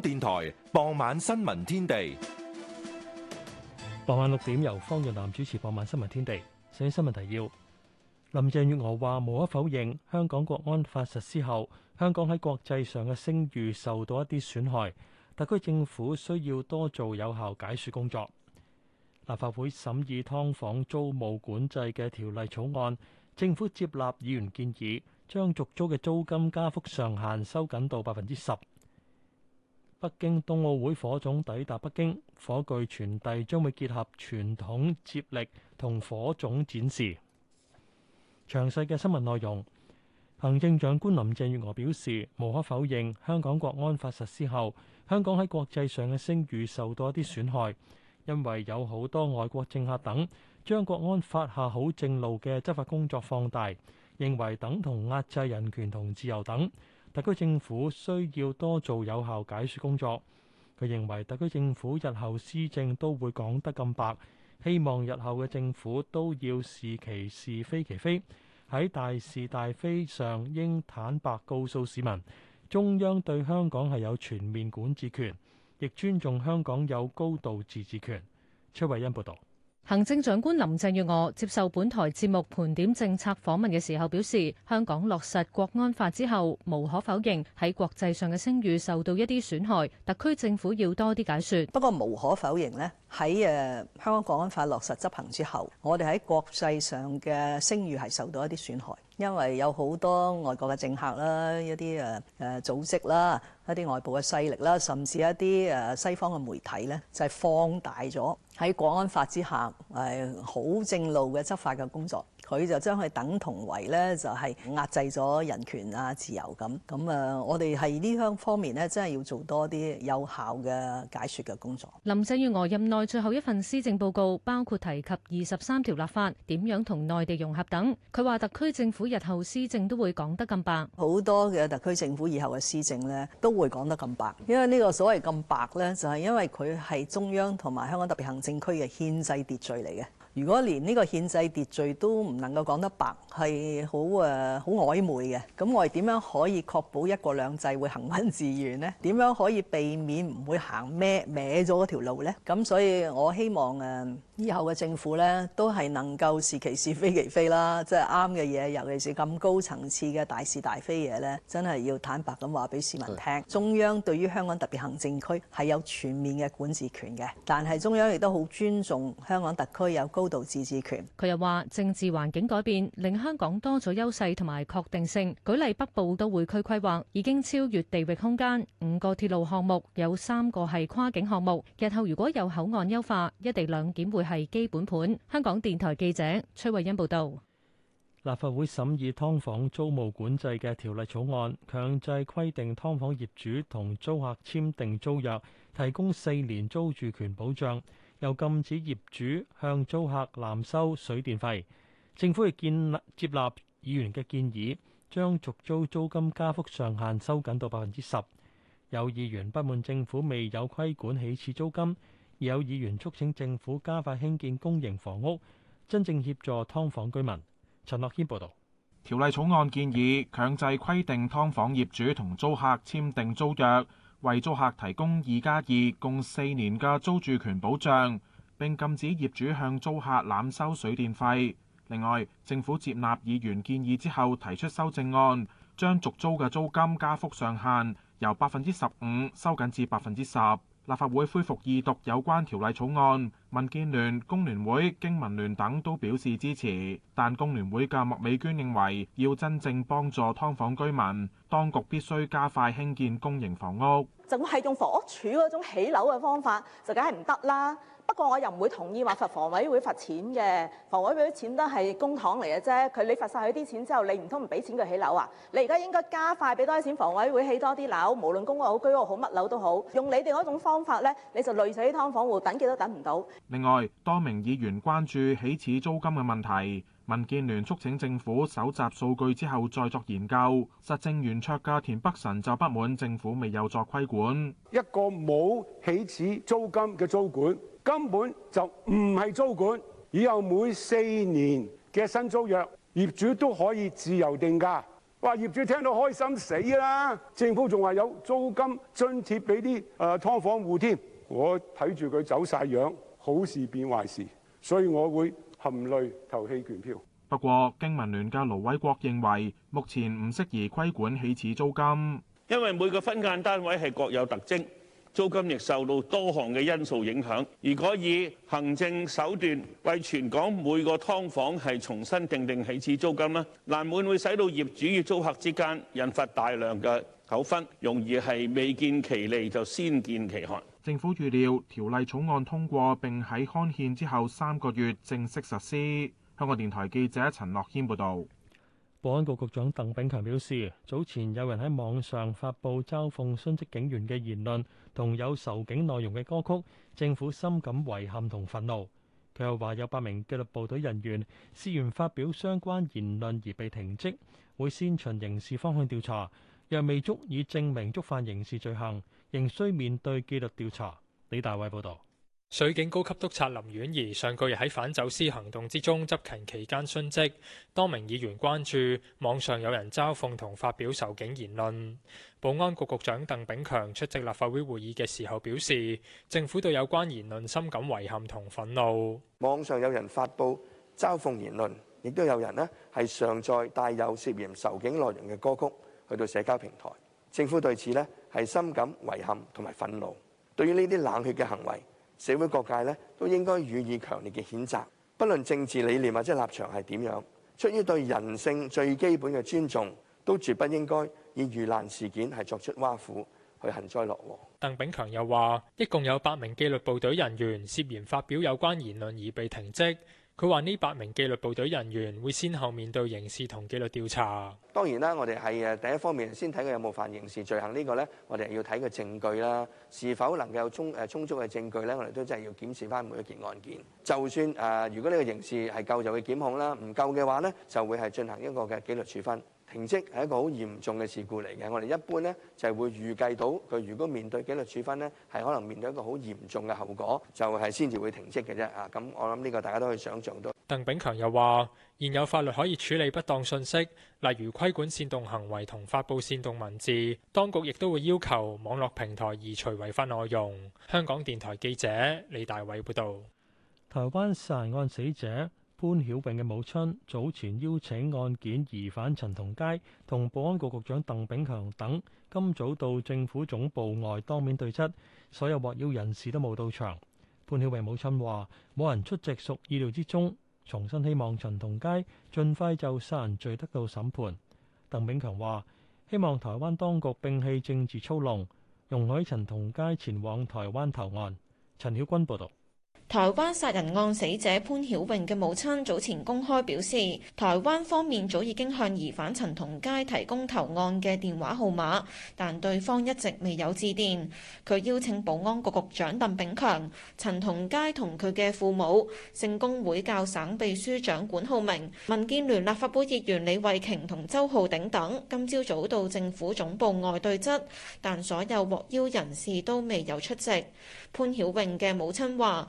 電台傍晚新聞天地，傍晚六點由方潤南主持。傍晚新聞天地，先新聞提要。林鄭月娥話，無可否認，香港國安法實施後，香港喺國際上嘅聲譽受到一啲損害。特區政府需要多做有效解說工作。立法會審議劏房租務管制嘅條例草案，政府接納議員建議，將續租嘅租金加幅上限收緊到百分之十。北京冬奧會火種抵達北京，火炬傳遞將會結合傳統接力同火種展示。詳細嘅新聞內容，行政長官林鄭月娥表示，無可否認，香港國安法實施後，香港喺國際上嘅聲譽受到一啲損害，因為有好多外國政客等將國安法下好正路嘅執法工作放大，認為等同壓制人權同自由等。特區政府需要多做有效解説工作。佢認為特區政府日後施政都會講得咁白，希望日後嘅政府都要是其是非其非，喺大是大非上應坦白告訴市民，中央對香港係有全面管治權，亦尊重香港有高度自治權。崔慧欣報導。行政長官林鄭月娥接受本台節目盤點政策訪問嘅時候表示，香港落實國安法之後，無可否認喺國際上嘅聲譽受到一啲損害，特區政府要多啲解說。不過無可否認呢，喺誒香港國安法落實執行之後，我哋喺國際上嘅聲譽係受到一啲損害，因為有好多外國嘅政客啦、一啲誒誒組織啦、一啲外部嘅勢力啦，甚至一啲誒西方嘅媒體呢，就係放大咗。喺《國安法》之下，係好正路嘅執法嘅工作。佢就將佢等同為咧，就係壓制咗人權啊、自由咁。咁啊，我哋係呢方面咧，真係要做多啲有效嘅解説嘅工作。林鄭月娥任內最後一份施政報告，包括提及二十三條立法點樣同內地融合等。佢話特區政府日後施政都會講得咁白。好多嘅特區政府以後嘅施政咧，都會講得咁白。因為呢個所謂咁白咧，就係因為佢係中央同埋香港特別行政區嘅憲制秩序嚟嘅。如果連呢個憲制秩序都唔能夠講得白，係好誒好曖昧嘅，咁我哋點樣可以確保一國兩制會行穩致遠呢？點樣可以避免唔會行咩歪咗嗰條路呢？咁所以我希望誒。以後嘅政府咧，都係能夠是其是非其非啦，即係啱嘅嘢，尤其是咁高層次嘅大是大非嘢咧，真係要坦白咁話俾市民聽，中央對於香港特別行政區係有全面嘅管治權嘅，但係中央亦都好尊重香港特區有高度自治權。佢又話，政治環境改變，令香港多咗優勢同埋確定性。舉例北部都會區規劃已經超越地域空間，五個鐵路項目有三個係跨境項目。日後如果有口岸優化，一地兩檢會係基本盤。香港電台記者崔慧欣報道。立法會審議劏房租務管制嘅條例草案，強制規定劏房業主同租客簽訂租約，提供四年租住權保障，又禁止業主向租客濫收水電費。政府亦建立接納議員嘅建議，將續租租金加幅上限收緊到百分之十。有議員不滿政府未有規管起始租金。有議員促請政府加快興建公營房屋，真正協助劏房居民。陳樂軒報導，條例草案建議強制規定劏房業主同租客簽訂租約，為租客提供二加二共四年嘅租住權保障，並禁止業主向租客濫收水電費。另外，政府接納議員建議之後，提出修正案，將續租嘅租金加幅上限由百分之十五收緊至百分之十。立法會恢復二讀有關條例草案。民建聯、工聯會、經民聯等都表示支持。另外，多名議員關注起始租金嘅問題。民建聯促請政府搜集數據之後再作研究。實政圓桌田北辰就不滿政府未有作規管。一個冇起始租金嘅租管，根本就唔係租管。以後每四年嘅新租約，業主都可以自由定價。哇！業主聽到開心死啦。政府仲話有租金津貼俾啲誒劏房戶添。我睇住佢走晒樣。好事變壞事，所以我會含淚投棄權票。不過，經民聯嘅盧偉國認為，目前唔適宜規管起始租金，因為每個分間單位係各有特徵，租金亦受到多項嘅因素影響。而如果以行政手段為全港每個劏房係重新訂定起始租金咧，難免會使到業主與租客之間引發大量嘅糾紛，容易係未見其利就先見其害。政府預料條例草案通過並喺刊憲之後三個月正式實施。香港電台記者陳樂軒報導，保安局局長鄧炳強表示，早前有人喺網上發布嘲諷殉職警員嘅言論同有仇警內容嘅歌曲，政府深感遺憾同憤怒。佢又話，有八名紀律部隊人員涉嫌發表相關言論而被停職，會先循刑事方向調查，若未足以證明觸犯刑事罪行，仍需面對紀律調查。李大偉報道，水警高級督察林婉儀上個月喺反走私行動之中執勤期間殉職，多名議員關注網上有人嘲諷同發表仇警言論。保安局局長鄧炳強出席立法會會議嘅時候表示，政府對有關言論深感遺憾同憤怒。網上有人發布嘲諷言論，亦都有人呢係上載帶有涉嫌仇警內容嘅歌曲去到社交平台。政府對此呢係深感遺憾同埋憤怒，對於呢啲冷血嘅行為，社會各界呢都應該予以強烈嘅譴責。不論政治理念或者立場係點樣，出於對人性最基本嘅尊重，都絕不應該以遇難事件係作出挖苦去幸災樂禍。鄧炳強又話，一共有八名紀律部隊人員涉嫌發表有關言論而被停職。佢話：呢八名紀律部隊人員會先後面對刑事同紀律調查。當然啦，我哋係誒第一方面先睇佢有冇犯刑事罪行呢、呢個咧，我哋要睇個證據啦，是否能夠充誒充足嘅證據咧，我哋都真係要檢視翻每一件案件。就算誒、呃，如果呢個刑事係夠就會檢控啦，唔夠嘅話咧就會係進行一個嘅紀律處分。停職係一個好嚴重嘅事故嚟嘅，我哋一般呢，就係會預計到佢如果面對紀律處分呢係可能面對一個好嚴重嘅後果，就係先至會停職嘅啫啊！咁我諗呢個大家都可以想像到。鄧炳強又話：現有法律可以處理不當信息，例如規管煽動行為同發布煽動文字，當局亦都會要求網絡平台移除違法內容。香港電台記者李大偉報導。台灣殺人案死者潘曉穎嘅母親早前邀請案件疑犯陳同佳同保安局局長鄧炳強等今早到政府總部外當面對質，所有獲邀人士都冇到場。潘曉穎母親話：冇人出席屬意料之中，重新希望陳同佳盡快就殺人罪得到審判。鄧炳強話：希望台灣當局摒棄政治操弄，容許陳同佳前往台灣投案。陳曉君報道。台灣殺人案死者潘曉穎嘅母親早前公開表示，台灣方面早已經向疑犯陳同佳提供投案嘅電話號碼，但對方一直未有致電。佢邀請保安局局長鄧炳強、陳同佳同佢嘅父母、聖公會教省秘書長管浩明、民建聯立法會議員李慧瓊同周浩鼎等今朝早到政府總部外對質，但所有獲邀人士都未有出席。潘曉穎嘅母親話：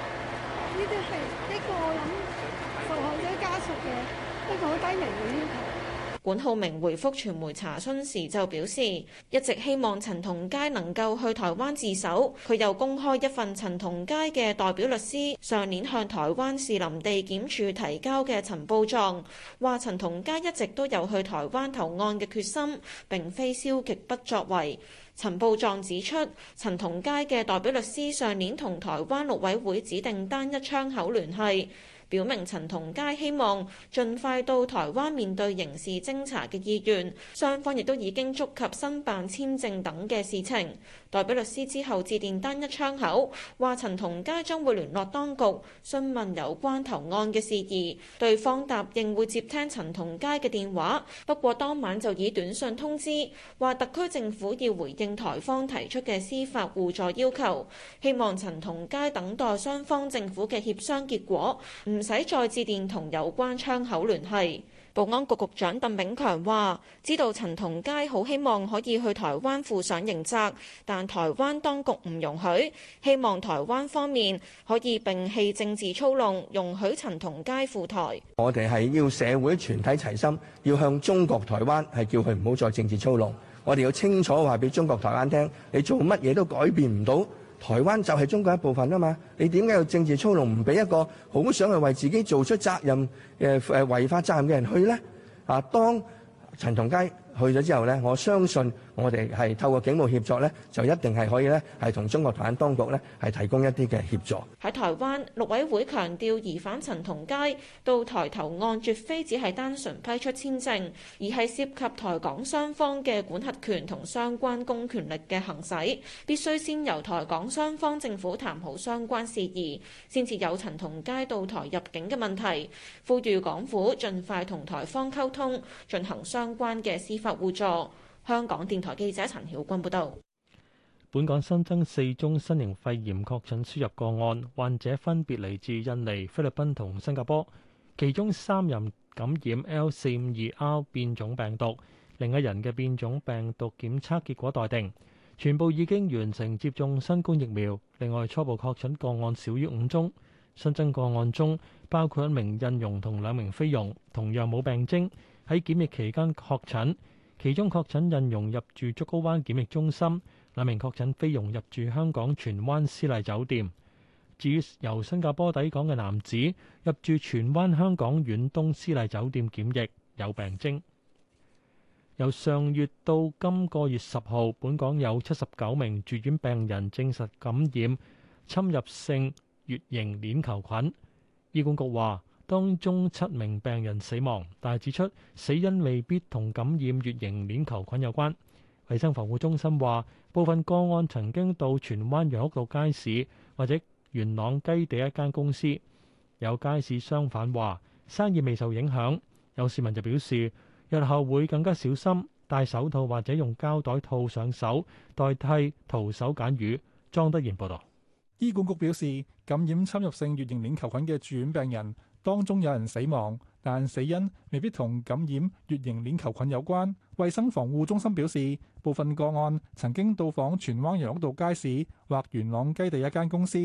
呢啲係一個我諗受害者家屬嘅一個好低微嘅要求。管浩明回覆傳媒查詢時就表示，一直希望陳同佳能夠去台灣自首。佢又公開一份陳同佳嘅代表律師上年向台灣士林地檢署提交嘅陳報狀，話陳同佳一直都有去台灣投案嘅決心，並非消極不作為。陳報狀指出，陳同佳嘅代表律師上年同台灣陸委會指定單一窗口聯繫。表明陳同佳希望盡快到台灣面對刑事偵查嘅意願，雙方亦都已經觸及申辦簽證等嘅事情。代表律師之後致電單一窗口，話陳同佳將會聯絡當局詢問有關投案嘅事宜，對方答應會接聽陳同佳嘅電話，不過當晚就以短信通知，話特區政府要回應台方提出嘅司法互助要求，希望陳同佳等待雙方政府嘅協商結果。唔使再致電同有關窗口聯繫。保安局局長鄧炳強話：知道陳同佳好希望可以去台灣負上刑責，但台灣當局唔容許。希望台灣方面可以摒棄政治操弄，容許陳同佳赴台。我哋係要社會全體齊心，要向中國台灣係叫佢唔好再政治操弄。我哋要清楚話俾中國台灣聽，你做乜嘢都改變唔到。台灣就係中國一部分啊嘛，你點解要政治操弄唔畀一個好想去為自己做出責任誒誒違法責任嘅人去呢？啊，當陳同佳去咗之後呢，我相信。我哋係透過警務協助呢就一定係可以呢係同中國台灣當局呢係提供一啲嘅協助喺台灣。陸委會強調，疑犯陳同佳到台投案，絕非只係單純批出簽證，而係涉及台港雙方嘅管轄權同相關公權力嘅行使，必須先由台港雙方政府談好相關事宜，先至有陳同佳到台入境嘅問題。呼籲港府盡快同台方溝通，進行相關嘅司法互助。香港電台記者陳曉君報道：本港新增四宗新型肺炎確診輸入個案，患者分別嚟自印尼、菲律賓同新加坡，其中三人感染 L 四五二 R 變種病毒，另一人嘅變種病毒檢測結果待定。全部已經完成接種新冠疫苗。另外，初步確診個案少於五宗。新增個案中，包括一名印傭同兩名菲傭，同樣冇病徵，喺檢疫期間確診。其中確診印傭入住竹篙灣檢疫中心，兩名確診菲傭入住香港荃灣絲麗酒店。至於由新加坡抵港嘅男子入住荃灣香港遠東絲麗酒店檢疫，有病徵。由上月到今個月十號，本港有七十九名住院病人證實感染侵入性乙型鏈球菌。醫管局話，當中七名病人死亡，但係指出死因未必同感染乙型鏈球菌有關。衞生防護中心話，部分個案曾經到荃灣楊屋道街市或者元朗雞地一間公司。有街市商販話生意未受影響。有市民就表示，日後會更加小心戴手套或者用膠袋套上手代替徒手揀魚。莊德賢報導。醫管局表示，感染侵入性乙型鏈球菌嘅住院病人。當中有人死亡，但死因未必同感染月形鏈球菌有關。衛生防護中心表示，部分個案曾經到訪荃灣楊屋道街市或元朗雞地一間公司，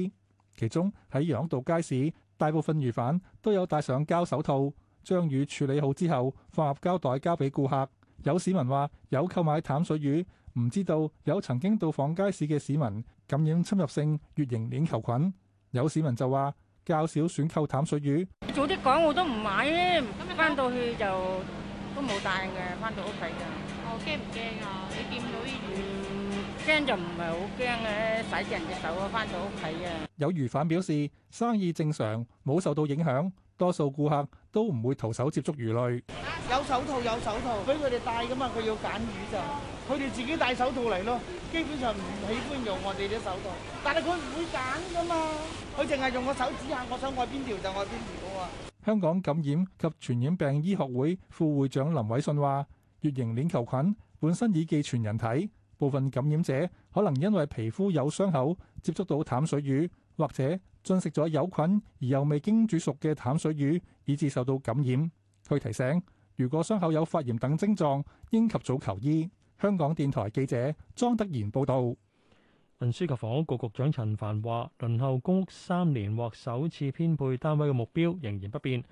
其中喺楊屋道街市，大部分魚販都有戴上膠手套，將魚處理好之後放入膠袋交俾顧客。有市民話有購買淡水魚，唔知道有曾經到訪街市嘅市民感染侵入性月形鏈球菌。有市民就話。較少選購淡水魚。早啲講我都唔買嘅，翻到去就都冇帶嘅，翻到屋企嘅。我驚唔驚啊？你見到啲魚驚就唔係好驚嘅，洗啲人隻手啊，翻到屋企啊。有魚販表示生意正常，冇受到影響。多數顧客都唔會徒手接觸魚類。進食咗有菌而又未經煮熟嘅淡水魚，以致受到感染。佢提醒，如果傷口有發炎等症狀，應及早求醫。香港電台記者莊德賢報道。運輸及房屋局局長陳帆話，輪候公屋三年或首次編配單位嘅目標仍然不變。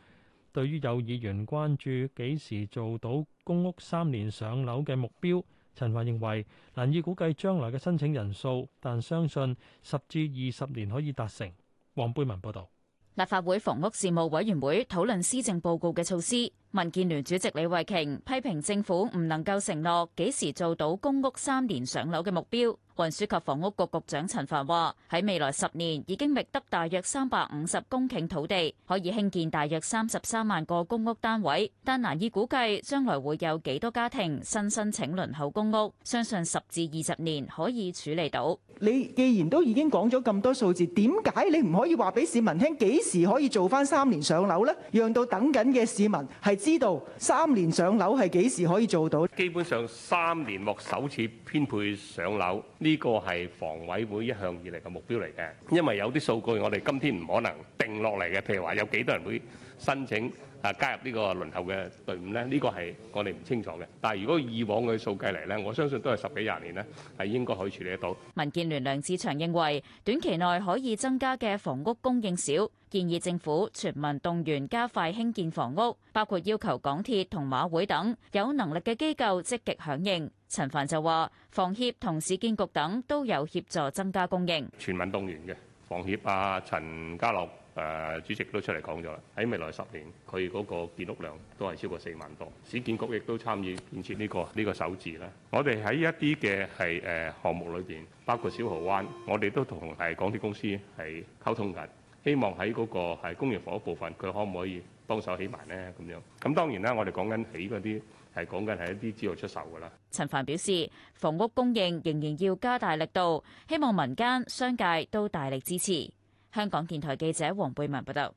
對於有議員關注幾時做到公屋三年上樓嘅目標，陳帆認為難以估計將來嘅申請人數，但相信十至二十年可以達成。黃貝文報道，立法會房屋事務委員會討論施政報告嘅措施。民建聯主席李慧瓊批評政府唔能夠承諾幾時做到公屋三年上樓嘅目標。運輸及房屋局局長陳帆話，喺未來十年已經覓得大約三百五十公頃土地，可以興建大約三十三萬個公屋單位，但難以估計將來會有幾多家庭新申請輪候公屋。相信十至二十年可以處理到。你既然都已經講咗咁多數字，點解你唔可以話俾市民聽幾時可以做翻三年上樓呢？讓到等緊嘅市民係。知道三年上樓係幾時可以做到？基本上三年獲首次編配上樓，呢個係房委會一向以嚟嘅目標嚟嘅。因為有啲數據，我哋今天唔可能定落嚟嘅。譬如話有幾多人會申請啊，加入呢個輪候嘅隊伍呢？呢個係我哋唔清楚嘅。但係如果以往嘅數計嚟呢，我相信都係十幾廿年呢係應該可以處理得到。民建聯梁志祥認為，短期內可以增加嘅房屋供應少。建議政府全民動員，加快興建房屋，包括要求港鐵同馬會等有能力嘅機構積極響應。陳帆就話，房協同市建局等都有協助增加供應，全民動員嘅房協啊，陳家樂誒，主席都出嚟講咗啦。喺未來十年，佢嗰個建屋量都係超過四萬多。市建局亦都參與建設呢個呢個首置啦。我哋喺一啲嘅係誒項目裏邊，包括小蠔灣，我哋都同係港鐵公司係溝通緊。希望喺嗰個係公營房屋部分，佢可唔可以幫手起埋咧？咁樣咁當然啦。我哋講緊起嗰啲係講緊係一啲資料出售㗎啦。陳帆表示，房屋供應仍然要加大力度，希望民間商界都大力支持。香港電台記者黃貝文報道。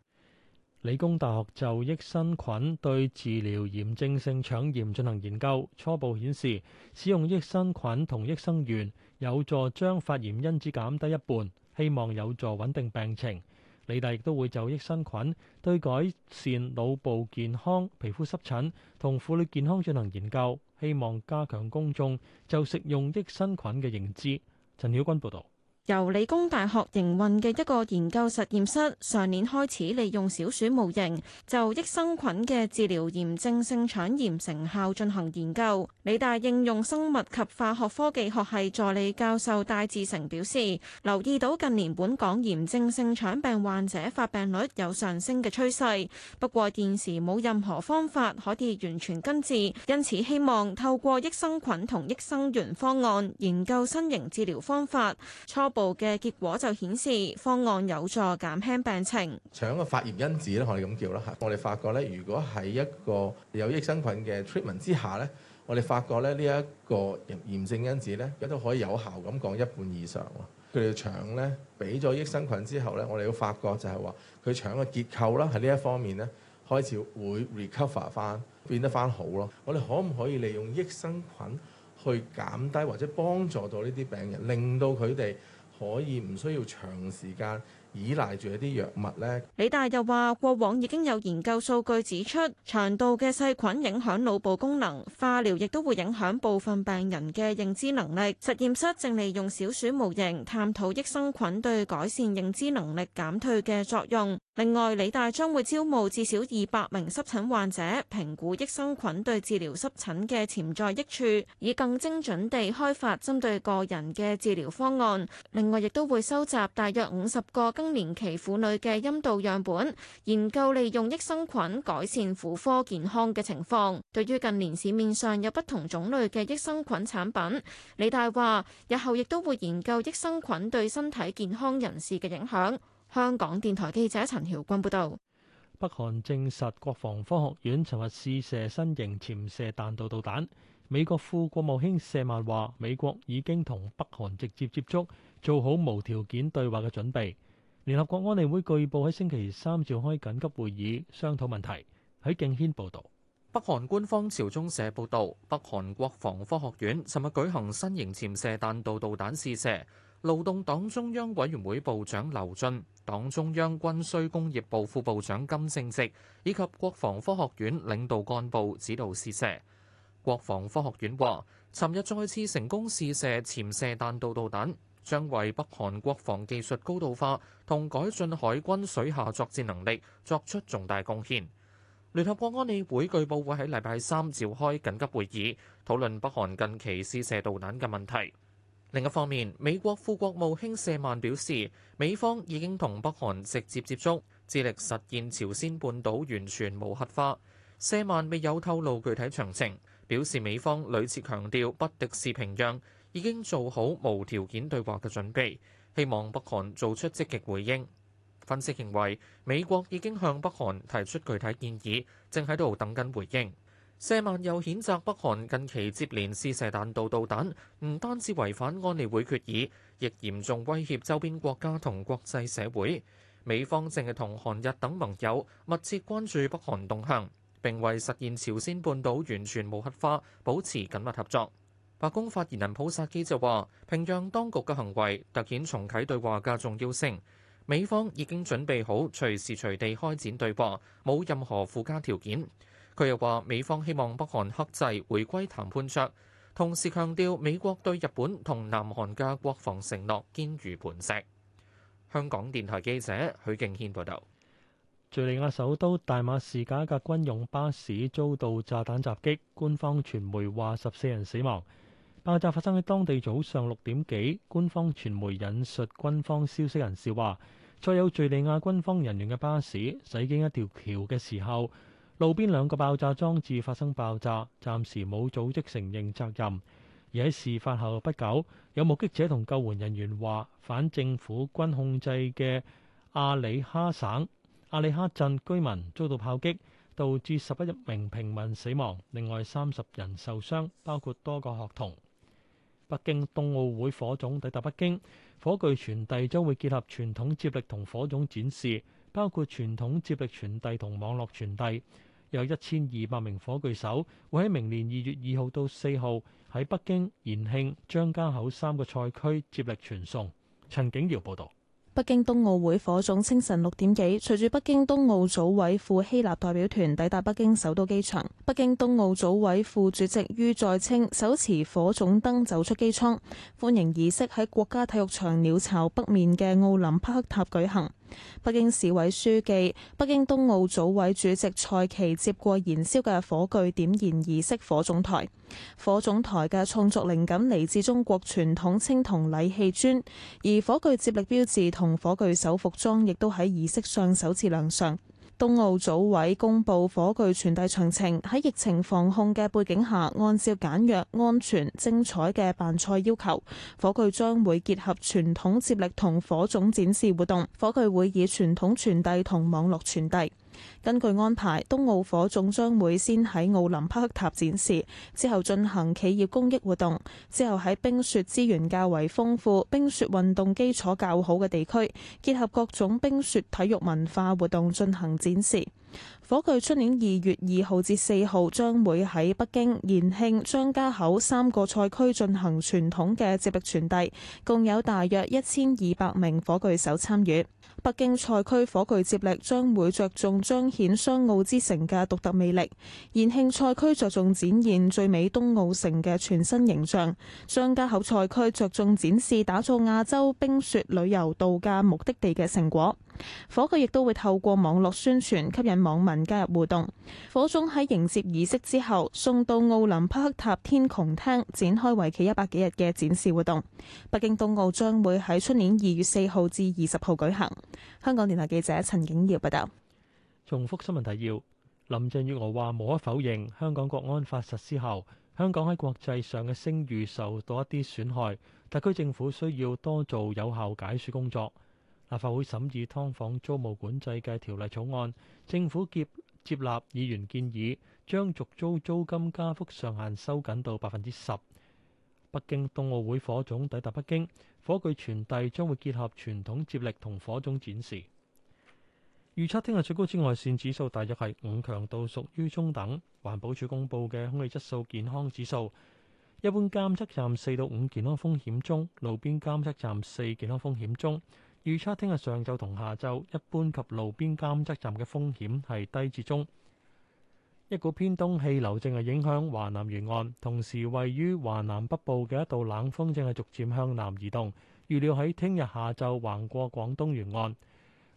理工大學就益生菌對治療炎症性腸炎進行研究，初步顯示使用益生菌同益生元有助將發炎因子減低一半，希望有助穩定病情。李大亦都會就益生菌對改善腦部健康、皮膚濕疹同婦女健康進行研究，希望加強公眾就食用益生菌嘅認知。陳曉君報導。由理工大學營運嘅一個研究實驗室，上年開始利用小鼠模型就益生菌嘅治療炎症性腸炎成效進行研究。理大應用生物及化學科技學系助理教授戴志成表示：留意到近年本港炎症性腸病患者發病率有上升嘅趨勢，不過現時冇任何方法可以完全根治，因此希望透過益生菌同益生元方案研究新型治療方法，錯部嘅結果就顯示方案有助減輕病情。腸嘅發炎因子咧，我哋咁叫啦嚇。我哋發覺咧，如果喺一個有益生菌嘅 treatment 之下咧，我哋發覺咧呢一個炎症因子咧，亦都可以有效咁降一半以上。佢哋腸咧俾咗益生菌之後咧，我哋要發覺就係話佢腸嘅結構啦，喺呢一方面咧開始會 recover 翻，變得翻好咯。我哋可唔可以利用益生菌去減低或者幫助到呢啲病人，令到佢哋可以唔需要長時間。依賴住一啲藥物呢。李大又話：過往已經有研究數據指出，腸道嘅細菌影響腦部功能，化療亦都會影響部分病人嘅認知能力。實驗室正利用小鼠模型探討益生菌對改善認知能力減退嘅作用。另外，李大將會招募至少二百名濕疹患者，評估益生菌對治療濕疹嘅潛在益處，以更精準地開發針對個人嘅治療方案。另外，亦都會收集大約五十個中年期婦女嘅陰道樣本，研究利用益生菌改善婦科健康嘅情況。對於近年市面上有不同種類嘅益生菌產品，李大話日後亦都會研究益生菌對身體健康人士嘅影響。香港電台記者陳曉君報道。北韓證實國防科學院尋日試射新型潛射彈道導彈。美國副國務卿謝曼話：美國已經同北韓直接接觸，做好無條件對話嘅準備。聯合國安理會據報喺星期三召開緊急會議，商討問題。喺敬軒報導。北韓官方朝中社報導，北韓國防科學院尋日舉行新型潛射彈道導彈試射。勞動黨中央委員會部長劉俊、黨中央軍需工業部副部長金正植以及國防科學院領導幹部指導試射。國防科學院話，尋日再次成功試射潛射彈道導彈。將為北韓國防技術高度化同改進海軍水下作戰能力作出重大貢獻。聯合國安理會據報會喺禮拜三召開緊急會議，討論北韓近期試射導彈嘅問題。另一方面，美國副國務卿謝曼表示，美方已經同北韓直接接觸，致力實現朝鮮半島完全無核化。謝曼未有透露具體詳情，表示美方屢次強調不敵視平壤。已經做好無條件對話嘅準備，希望北韓做出積極回應。分析認為，美國已經向北韓提出具體建議，正喺度等緊回應。謝曼又譴責北韓近期接連試射彈道導彈，唔單止違反安理會決議，亦嚴重威脅周邊國家同國際社會。美方正係同韓日等盟友密切關注北韓動向，並為實現朝鮮半島完全無核化保持緊密合作。白宮發言人普薩基就話：平壤當局嘅行為，突顯重啟對話嘅重要性。美方已經準備好隨時隨地開展對話，冇任何附加條件。佢又話：美方希望北韓克制，回歸談判桌，同時強調美國對日本同南韓嘅國防承諾堅如磐石。香港電台記者許敬軒報導。敍利亞首都大馬士革嘅軍用巴士遭到炸彈襲擊，官方傳媒話十四人死亡。爆炸發生喺當地早上六點幾。官方傳媒引述軍方消息人士話，再有敍利亞軍方人員嘅巴士駛經一條橋嘅時候，路邊兩個爆炸裝置發生爆炸。暫時冇組織承認責任。而喺事發後不久，有目擊者同救援人員話，反政府軍控制嘅阿里哈省阿里哈鎮居民遭到炮擊，導致十一名平民死亡，另外三十人受傷，包括多個學童。北京冬奧會火種抵達北京，火炬傳遞將會結合傳統接力同火種展示，包括傳統接力傳遞同網絡傳遞。有一千二百名火炬手會喺明年二月二號到四號喺北京、延慶、張家口三個賽區接力傳送。陳景瑤報道。北京冬奧會火種清晨六點幾，隨住北京冬奧組委赴希臘代表團抵達北京首都機場，北京冬奧組委副主席于再清手持火種燈走出機艙，歡迎儀式喺國家體育場鳥巢北面嘅奧林匹克塔舉行。北京市委書記、北京冬奧組委主席蔡奇接過燃燒嘅火炬，點燃儀式火種台。火種台嘅創作靈感嚟自中國傳統青銅禮器尊，而火炬接力標誌同火炬手服裝亦都喺儀式上首次亮相。冬奧組委公布火炬傳遞詳情，喺疫情防控嘅背景下，按照簡約、安全、精彩嘅辦賽要求，火炬將會結合傳統接力同火種展示活動，火炬會以傳統傳遞同網絡傳遞。根據安排，冬奧火種將會先喺奧林匹克塔展示，之後進行企業公益活動，之後喺冰雪資源較為豐富、冰雪運動基礎較好嘅地區，結合各種冰雪體育文化活動進行展示。火炬出年二月二號至四號將會喺北京、延慶、張家口三個賽區進行傳統嘅接力傳遞，共有大約一千二百名火炬手參與。北京賽區火炬接力將會着重彰顯雙奧之城嘅獨特魅力；延慶賽區着重展現最美冬奧城嘅全新形象；張家口賽區着重展示打造亞洲冰雪旅遊度假目的地嘅成果。火炬亦都會透過網絡宣傳，吸引網民加入互動。火種喺迎接儀式之後，送到奧林匹克塔天穹廳，展開為期一百幾日嘅展示活動。北京冬奧將會喺出年二月四號至二十號舉行。香港電台記者陳景耀報道。重複新聞提要：林鄭月娥話，無可否認，香港國安法實施後，香港喺國際上嘅聲譽受到一啲損害，特區政府需要多做有效解說工作。立法會審議《劏房租務管制嘅條例草案》，政府接接納議員建議，將續租租金加幅上限收緊到百分之十。北京冬奧會火種抵達北京，火炬傳遞將會結合傳統接力同火種展示。預測聽日最高紫外線指數大約係五強度，屬於中等。環保署公佈嘅空氣質素健康指數，一般監測站四到五健康風險中，路邊監測站四健康風險中。預測聽日上晝同下晝一般及路邊監測站嘅風險係低至中。一股偏東氣流正係影響華南沿岸，同時位於華南北部嘅一道冷鋒正係逐漸向南移動，預料喺聽日下晝橫過廣東沿岸。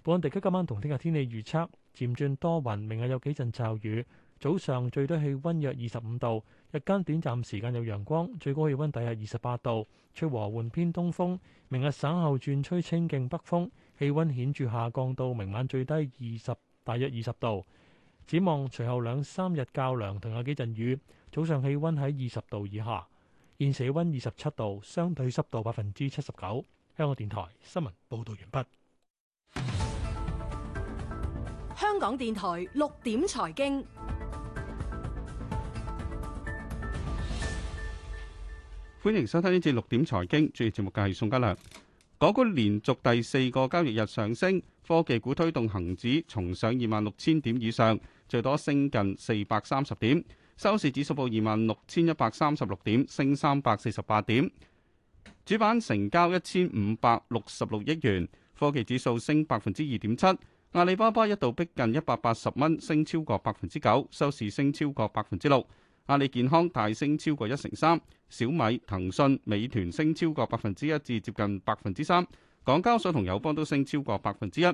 本地區今晚同聽日天氣預測，漸轉多雲，明日有幾陣驟雨。早上最低氣溫約二十五度。日間短暫時間有陽光，最高氣溫大約二十八度，吹和緩偏東風。明日晌後轉吹清勁北風，氣溫顯著下降到明晚最低二十，大約二十度。展望隨後兩三日較涼同有幾陣雨，早上氣溫喺二十度以下。現時氣溫二十七度，相對濕度百分之七十九。香港電台新聞報道完畢。香港電台六點財經。歡迎收聽呢節六點財經，主要節目嘅係宋家良。港股連續第四個交易日上升，科技股推動恒指重上二萬六千點以上，最多升近四百三十點，收市指數報二萬六千一百三十六點，升三百四十八點。主板成交一千五百六十六億元，科技指數升百分之二點七。阿里巴巴一度逼近一百八十蚊，升超過百分之九，收市升超過百分之六。阿里健康大升超過一成三，小米、騰訊、美團升超過百分之一至接近百分之三。港交所同友邦都升超過百分之一。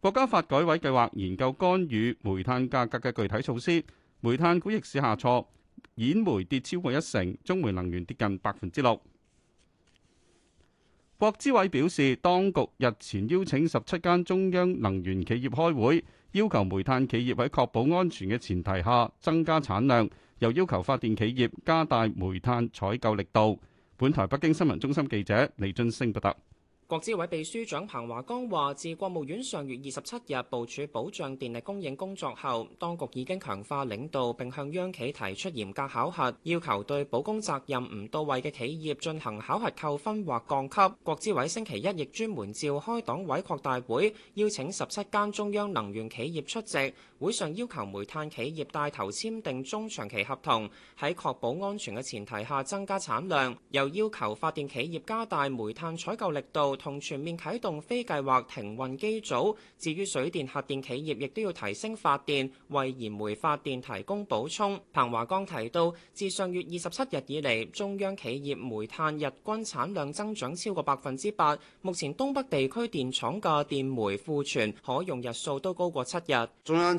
國家發改委計劃研究干預煤炭價格嘅具體措施，煤炭股逆市下挫，兗煤跌超過一成，中煤能源跌近百分之六。國資委表示，當局日前邀請十七間中央能源企業開會，要求煤炭企業喺確保安全嘅前提下增加產量。又要求發電企業加大煤炭採購力度。本台北京新聞中心記者李俊升報道。國資委秘書長彭華剛話：自國務院上月二十七日部署保障電力供應工作後，當局已經強化領導並向央企提出嚴格考核，要求對保供責任唔到位嘅企業進行考核扣分或降級。國資委星期一亦專門召開黨委擴大會，邀請十七間中央能源企業出席。會上要求煤炭企業帶頭簽訂中長期合同，喺確保安全嘅前提下增加產量；又要求發電企業加大煤炭採購力度，同全面啟動非計劃停運機組。至於水電、核電企業，亦都要提升發電，為燃煤發電提供補充。彭華剛提到，自上月二十七日以嚟，中央企業煤炭日均產量增長超過百分之八，目前東北地區電廠嘅電煤庫存可用日數都高過七日。中央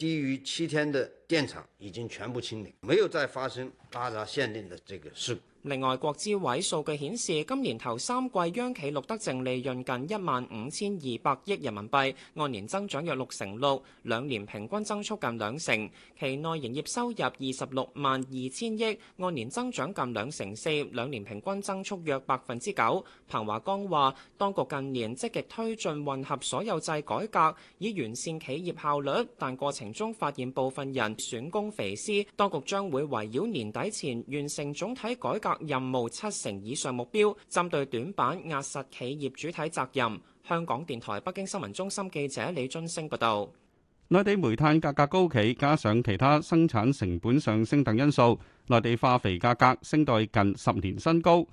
低於七天的電廠已經全部清理，沒有再發生拉閘限電的這個事故。另外，國資委數據顯示，今年頭三季央企錄得淨利潤近一萬五千二百億人民幣，按年增長約六成六，兩年平均增速近兩成。期內營業收入二十六萬二千億，按年增長近兩成四，兩年平均增速約百分之九。彭華剛話，當局近年積極推進混合所有制改革，以完善企業效率，但過程。中發現部分人選公肥私，當局將會圍繞年底前完成總體改革任務七成以上目標，針對短板壓實企業主體責任。香港電台北京新聞中心記者李津升報導。內地煤炭價格高企，加上其他生產成本上升等因素，內地化肥價格升到近十年新高。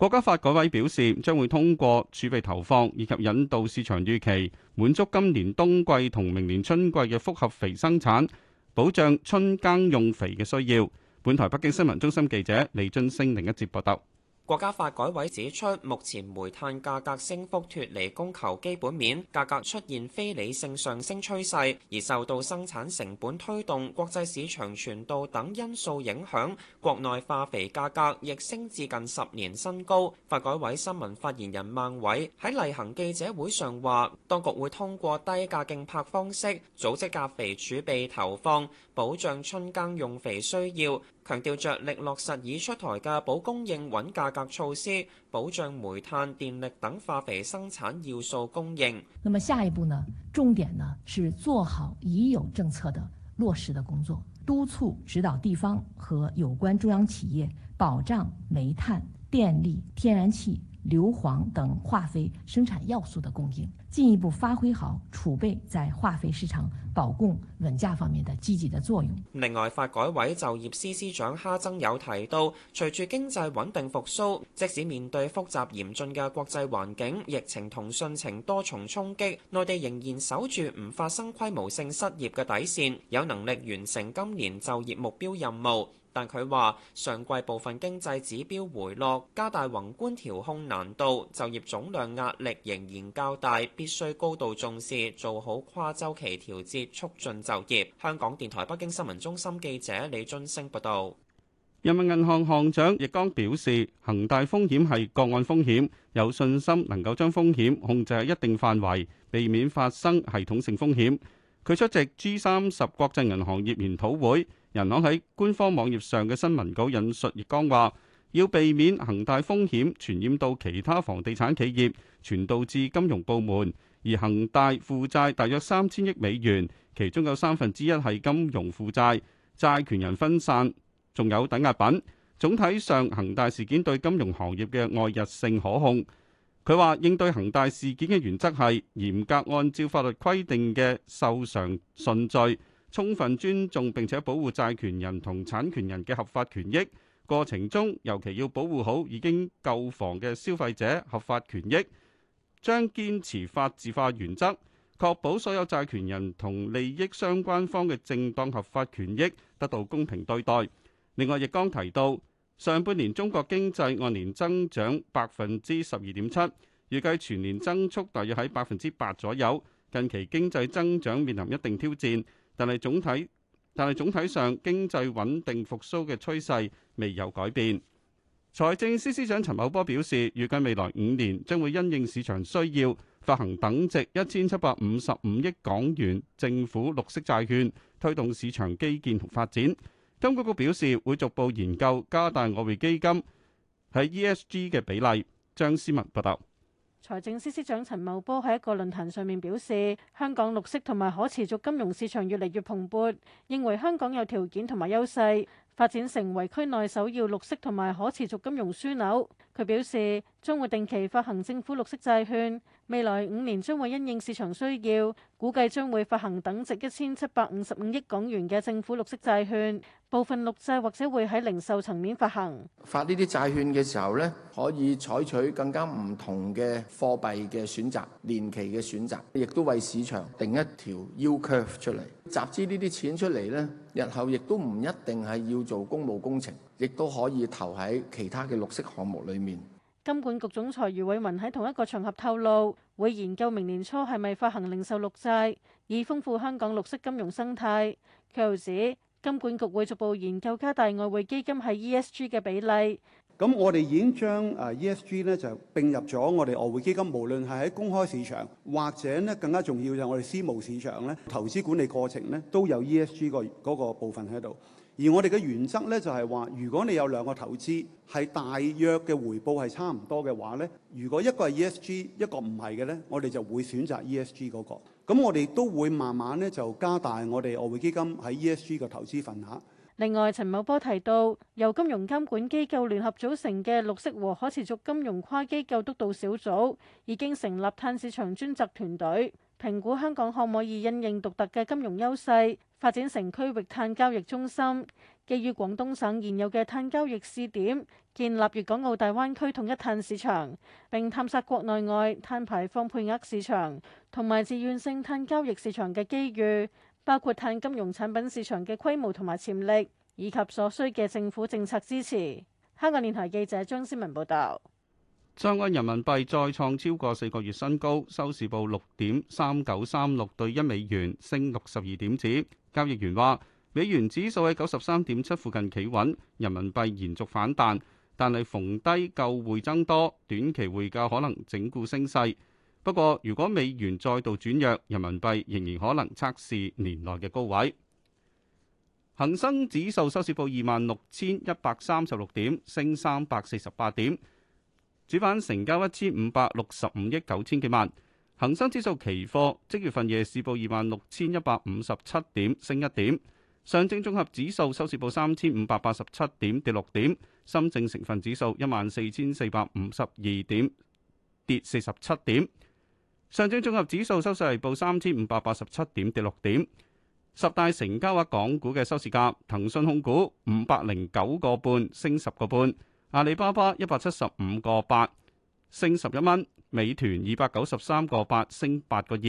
國家發改委表示，將會通過儲備投放以及引導市場預期，滿足今年冬季同明年春季嘅複合肥生產，保障春耕用肥嘅需要。本台北京新聞中心記者李津升另一節報道。國家發改委指出，目前煤炭價格升幅脫離供求基本面，價格出現非理性上升趨勢，而受到生產成本推動、國際市場傳導等因素影響。國內化肥價格亦升至近十年新高。發改委新聞發言人孟偉喺例行記者會上話，當局會通過低價競拍方式組織化肥儲備投放。保障春耕用肥需要，強調着力落實已出台嘅保供應、穩價格措施，保障煤炭、電力等化肥生產要素供應。那麼下一步呢？重點呢，是做好已有政策的落實的工作，督促指導地方和有關中央企業保障煤炭、電力、天然氣。硫磺等化肥生產要素的供應，進一步發揮好儲備在化肥市場保供穩價方面的積極的作用。另外，發改委就業司司長哈增友提到，隨住經濟穩定復甦，即使面對複雜嚴峻嘅國際環境、疫情同汛情多重衝擊，內地仍然守住唔發生規模性失業嘅底線，有能力完成今年就業目標任務。但佢話：上季部分經濟指標回落，加大宏觀調控難度，就業總量壓力仍然較大，必須高度重視，做好跨週期調節，促進就業。香港電台北京新聞中心記者李津升報道。人民銀行行長易綱表示，恒大風險係個案風險，有信心能夠將風險控制喺一定範圍，避免發生系統性風險。佢出席 G 三十國際銀行業研討會。人行喺官方網頁上嘅新聞稿引述易綱話：要避免恒大風險傳染到其他房地產企業，傳導至金融部門。而恒大負債大約三千億美元，其中有三分之一係金融負債，債權人分散，仲有抵押品。總體上，恒大事件對金融行業嘅外溢性可控。佢話應對恒大事件嘅原則係嚴格按照法律規定嘅受償順序。充分尊重並且保護債權人同產權人嘅合法權益過程中，尤其要保護好已經購房嘅消費者合法權益。將堅持法治化原則，確保所有債權人同利益相關方嘅正當合法權益得到公平對待。另外，亦剛提到上半年中國經濟按年增長百分之十二點七，預計全年增速大約喺百分之八左右，近期經濟增長面臨一定挑戰。但係總體，但係總體上經濟穩定復甦嘅趨勢未有改變。財政司司長陳茂波表示，預計未來五年將會因應市場需要發行等值一千七百五十五億港元政府綠色債券，推動市場基建同發展。金管局表示會逐步研究加大外匯基金喺 ESG 嘅比例。張思文報道。財政司司長陳茂波喺一個論壇上面表示，香港綠色同埋可持續金融市場越嚟越蓬勃，認為香港有條件同埋優勢，發展成為區內首要綠色同埋可持續金融樞紐。佢表示，將會定期發行政府綠色債券。未來五年將會因應市場需要，估計將會發行等值一千七百五十五億港元嘅政府綠色債券，部分綠債或者會喺零售層面發行。發呢啲債券嘅時候咧，可以採取更加唔同嘅貨幣嘅選擇、年期嘅選擇，亦都為市場定一條 U curve 出嚟。集資呢啲錢出嚟咧，日後亦都唔一定係要做公務工程，亦都可以投喺其他嘅綠色項目裡面。金管局總裁余偉文喺同一個場合透露，會研究明年初係咪發行零售綠債，以豐富香港綠色金融生態。佢又指，金管局會逐步研究加大外匯基金係 ESG 嘅比例。咁我哋已經將誒 ESG 咧就併入咗我哋外匯基金，無論係喺公開市場或者咧更加重要就係我哋私募市場咧，投資管理過程咧都有 ESG 個嗰個部分喺度。而我哋嘅原則咧就係話，如果你有兩個投資係大約嘅回報係差唔多嘅話咧，如果一個係 ESG，一個唔係嘅咧，我哋就會選擇 ESG 嗰個。咁我哋都會慢慢咧就加大我哋外匯基金喺 ESG 嘅投資份額。另外，陳茂波提到，由金融監管機構聯合組成嘅綠色和可持續金融跨機構督導小組已經成立碳市場專責團隊，評估香港可唔可以應用獨特嘅金融優勢。發展成區域碳交易中心，基於廣東省現有嘅碳交易試點，建立粵港澳大灣區統一碳市場，並探索國內外碳排放配額市場同埋自願性碳交易市場嘅機遇，包括碳金融產品市場嘅規模同埋潛力，以及所需嘅政府政策支持。香港電台記者張思文報道。香港人民幣再創超過四個月新高，收市報六點三九三六對一美元，升六十二點子。交易員話：美元指數喺九十三點七附近企穩，人民幣延續反彈，但係逢低購匯增多，短期匯價可能整固升勢。不過，如果美元再度轉弱，人民幣仍然可能測試年內嘅高位。恒生指數收市報二萬六千一百三十六點，升三百四十八點，主板成交一千五百六十五億九千幾萬。恒生指數期貨即月份夜市報二萬六千一百五十七點，升一點。上證綜合指數收市報三千五百八十七點，跌六點。深證成分指數一萬四千四百五十二點，跌四十七點。上證綜合指數收市報三千五百八十七點，跌六點。十大成交額港股嘅收市價，騰訊控股五百零九個半，升十個半。阿里巴巴一百七十五個八。升十一蚊，美團二百九十三個八升八個二，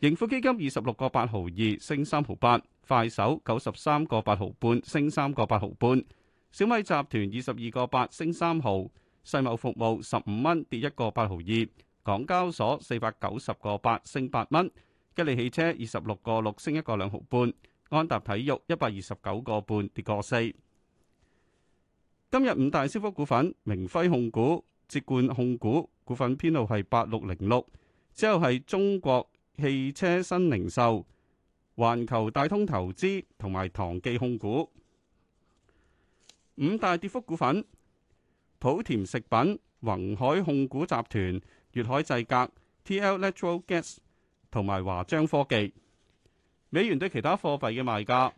盈富基金二十六個八毫二升三毫八，快手九十三個八毫半升三個八毫半，小米集團二十二個八升三毫，世茂服務十五蚊跌一個八毫二，港交所四百九十個八升八蚊，吉利汽車二十六個六升一個兩毫半，安踏體育一百二十九個半跌個四。今日五大升幅股份：明輝控股。捷冠控股股份編號係八六零六，之後係中國汽車新零售、環球大通投資同埋唐記控股五大跌幅股份：普田食品、宏海控股集團、粵海製革、TL Natural Gas 同埋華章科技。美元對其他貨幣嘅賣價：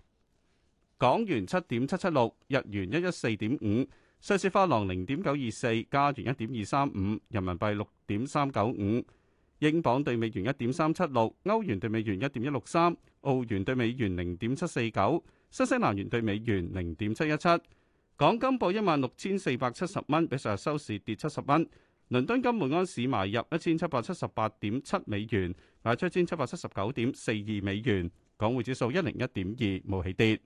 港元七點七七六，日元一一四點五。瑞士法郎零點九二四，加元一點二三五，人民幣六點三九五，英鎊對美元一點三七六，歐元對美元一點一六三，澳元對美元零點七四九，新西蘭元對美元零點七一七。港金報一萬六千四百七十蚊，比上日收市跌七十蚊。倫敦金每盎司買入一千七百七十八點七美元，賣出一千七百七十九點四二美元。港匯指數一零一點二，冇起跌。